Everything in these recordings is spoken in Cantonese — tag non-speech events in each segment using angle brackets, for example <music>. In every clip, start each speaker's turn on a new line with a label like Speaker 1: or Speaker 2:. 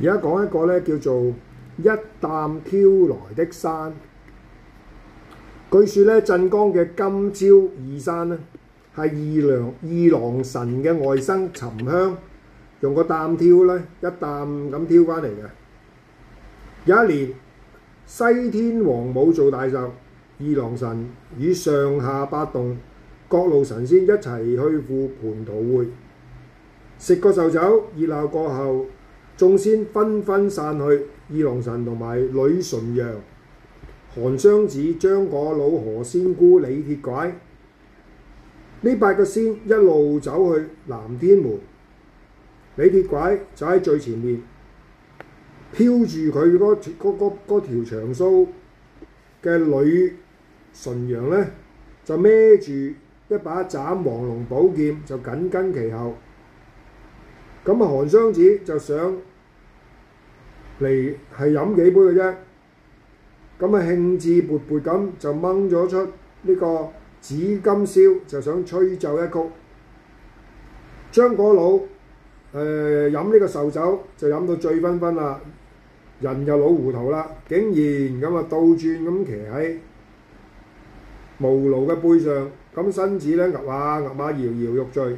Speaker 1: 而家講一個咧，叫做一擔挑來的山。據說咧，鎮江嘅金焦二山咧，係二郎二郎神嘅外甥沉香用個擔挑咧一擔咁挑翻嚟嘅。有一年，西天王母做大壽，二郎神與上下八洞各路神仙一齊去赴蟠桃會，食過壽酒，熱鬧過後。眾仙紛紛散去二，二郎神同埋呂純陽、韓湘子、張果老、何仙姑、李鐵拐，呢八個仙一路走去南天門。李鐵拐就喺最前面，飄住佢嗰嗰嗰條長須嘅呂純陽呢，就孭住一把斬黃龍寶劍，就緊跟其後。咁啊，韓湘子就想嚟係飲幾杯嘅啫，咁啊興致勃勃咁就掹咗出呢個紫金簫，就想吹奏一曲。張果老誒飲呢個壽酒，就飲到醉醺醺啦，人又老糊塗啦，竟然咁啊倒轉咁騎喺毛驢嘅背上，咁身子咧揼下揼下搖搖欲墜。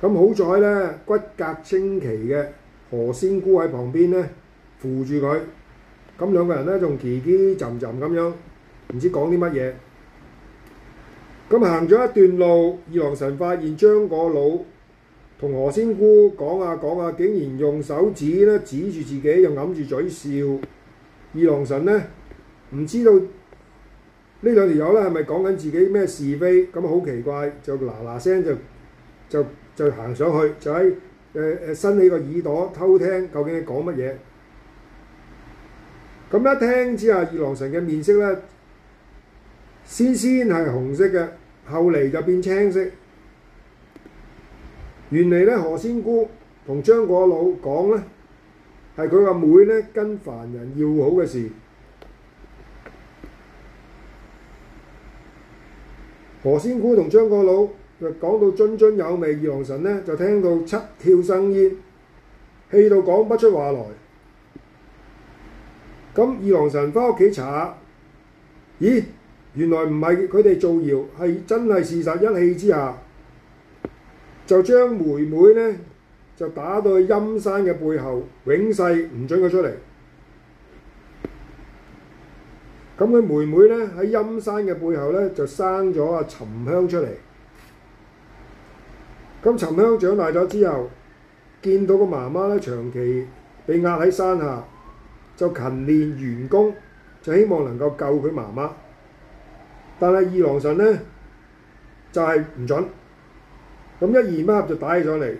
Speaker 1: 咁好在咧，骨骼清奇嘅何仙姑喺旁邊咧，扶住佢。咁兩個人咧仲奇奇沉沉咁樣，唔知講啲乜嘢。咁行咗一段路，二郎神發現張果老同何仙姑講下講下，竟然用手指咧指住自己，又揞住嘴笑。二郎神咧唔知道呢兩條友咧係咪講緊自己咩是非，咁好奇怪就嗱嗱聲就就～就就行上去，就喺誒誒伸起個耳朵偷聽究竟你講乜嘢。咁一聽之下，二郎神嘅面色咧，先先係紅色嘅，後嚟就變青色。原嚟咧，何仙姑同張果老講咧，係佢個妹咧跟凡人要好嘅事。何仙姑同張果老。講到津津有味，二郎神呢就聽到七竅生煙，氣到講不出話來。咁二郎神返屋企查，咦，原來唔係佢哋造謠，係真係事實。一氣之下，就將妹妹呢，就打到去陰山嘅背後，永世唔准佢出嚟。咁佢妹妹呢，喺陰山嘅背後呢，就生咗阿、啊、沉香出嚟。咁沉香長大咗之後，見到個媽媽咧長期被壓喺山下，就勤練玄功，就希望能夠救佢媽媽。但係二郎神呢，就係、是、唔準，咁一言不合就打起上嚟。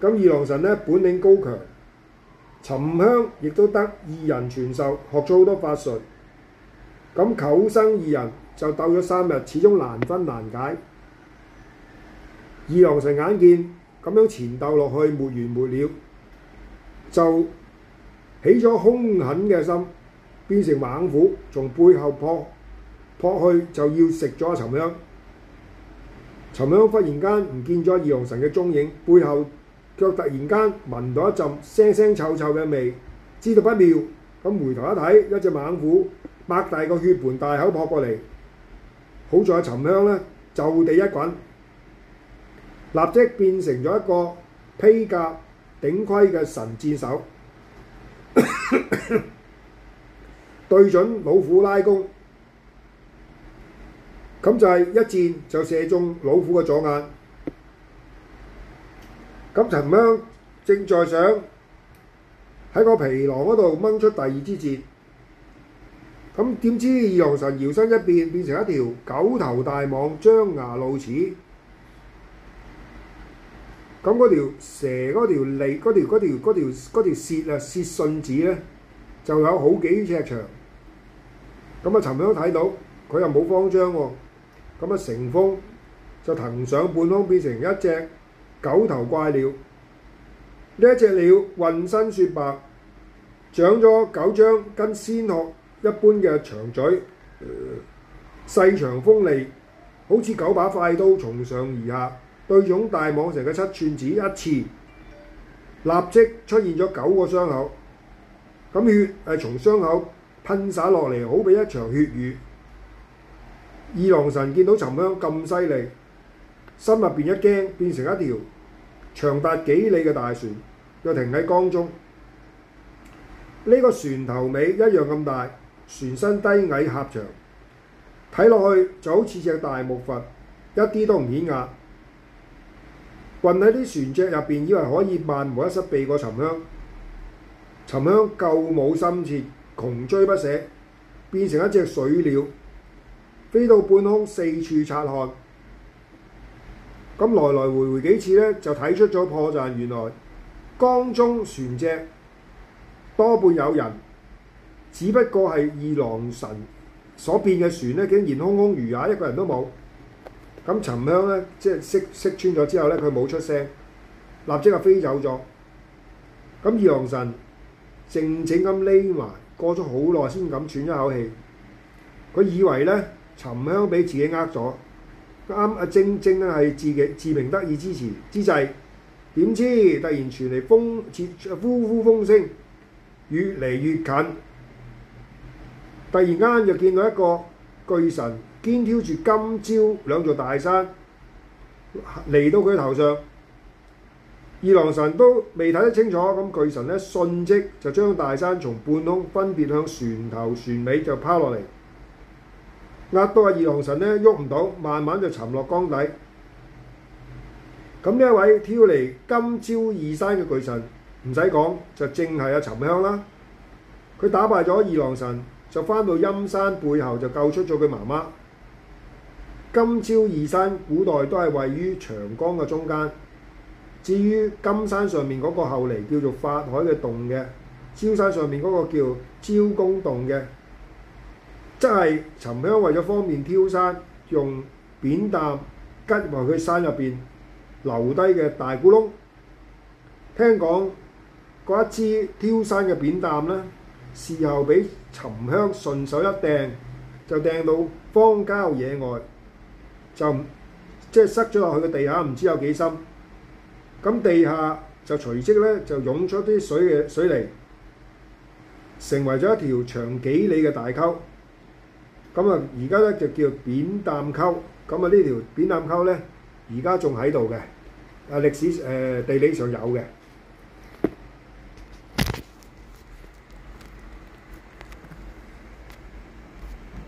Speaker 1: 咁二郎神咧本領高強，沉香亦都得二人傳授，學咗好多法術。咁求生二人就鬥咗三日，始終難分難解。二郎神眼見咁樣纏鬥落去沒完沒了，就起咗兇狠嘅心，變成猛虎從背後撲撲去，就要食咗阿沉香。沉香忽然間唔見咗二郎神嘅蹤影，背後卻突然間聞到一陣腥腥臭臭嘅味，知道不妙，咁回頭一睇，一隻猛虎擘大個血盆大口撲過嚟，好在沉香呢，就地一滾，立即變成咗一個披甲頂盔嘅神箭手， <coughs> <coughs> 對準老虎拉弓，咁就係一箭就射中老虎嘅左眼。咁陳鞅正在想喺個皮囊嗰度掹出第二支箭，咁點知二郎神搖身一變，變成一條九頭大蟒，張牙露齒。咁嗰條蛇嗰條脷嗰條嗰條舌啊、嗰條嗰條嗰條、舌信子咧就有好幾尺長。咁啊，尋日都睇到佢又冇慌張喎。咁啊，成風就騰上半空，變成一隻九頭怪鳥。呢一隻鳥混身雪白，長咗九張跟仙鶴一般嘅長嘴、呃，細長鋒利，好似九把快刀從上而下。對擁大蟒蛇嘅七寸指一次，立即出現咗九個傷口。咁血係從傷口噴灑落嚟，好比一場血雨。二郎神見到沉香咁犀利，心入邊一驚，變成一條長達幾里嘅大船，又停喺江中。呢個船頭尾一樣咁大，船身低矮狹長，睇落去就好似隻大木筏，一啲都唔顯壓。混喺啲船隻入邊，以為可以萬無一失避過沉香。沉香救母心切，窮追不捨，變成一隻水鳥，飛到半空四處察看。咁來來回回幾次呢，就睇出咗破綻。原來江中船隻多半有人，只不過係二郎神所變嘅船呢，竟然空空如也，一個人都冇。咁沉香咧，即係識識穿咗之後咧，佢冇出聲，立即就飛走咗。咁二郎神靜靜咁匿埋，過咗好耐先咁喘咗口氣。佢以為咧，沉香俾自己呃咗，啱啱正正咧係自己自鳴得意之前之際，點知突然傳嚟風呼呼風聲，越嚟越近，突然間就見到一個巨神。先挑住今朝兩座大山嚟到佢頭上，二郎神都未睇得清楚，咁巨神呢瞬即就將大山從半空分別向船頭船尾就拋落嚟，壓到阿二郎神呢喐唔到，慢慢就沉落江底。咁呢一位挑嚟今朝二山嘅巨神，唔使講就正係阿、啊、沉香啦。佢打敗咗二郎神，就返到陰山背後就救出咗佢媽媽。金焦二山古代都係位於長江嘅中間。至於金山上面嗰個後嚟叫做法海嘅洞嘅，焦山上面嗰個叫焦公洞嘅，即係沉香為咗方便挑山，用扁擔吉埋去山入邊留低嘅大古窿。聽講嗰一支挑山嘅扁擔呢，事後俾沉香順手一掟，就掟到荒郊野外。就即係塞咗落去嘅地下，唔知有幾深。咁地下就隨即咧就湧咗啲水嘅水嚟，成為咗一條長幾里嘅大溝。咁啊，而家咧就叫扁擔溝。咁啊，呢條扁擔溝咧，而家仲喺度嘅。啊，歷史誒、呃、地理上有嘅。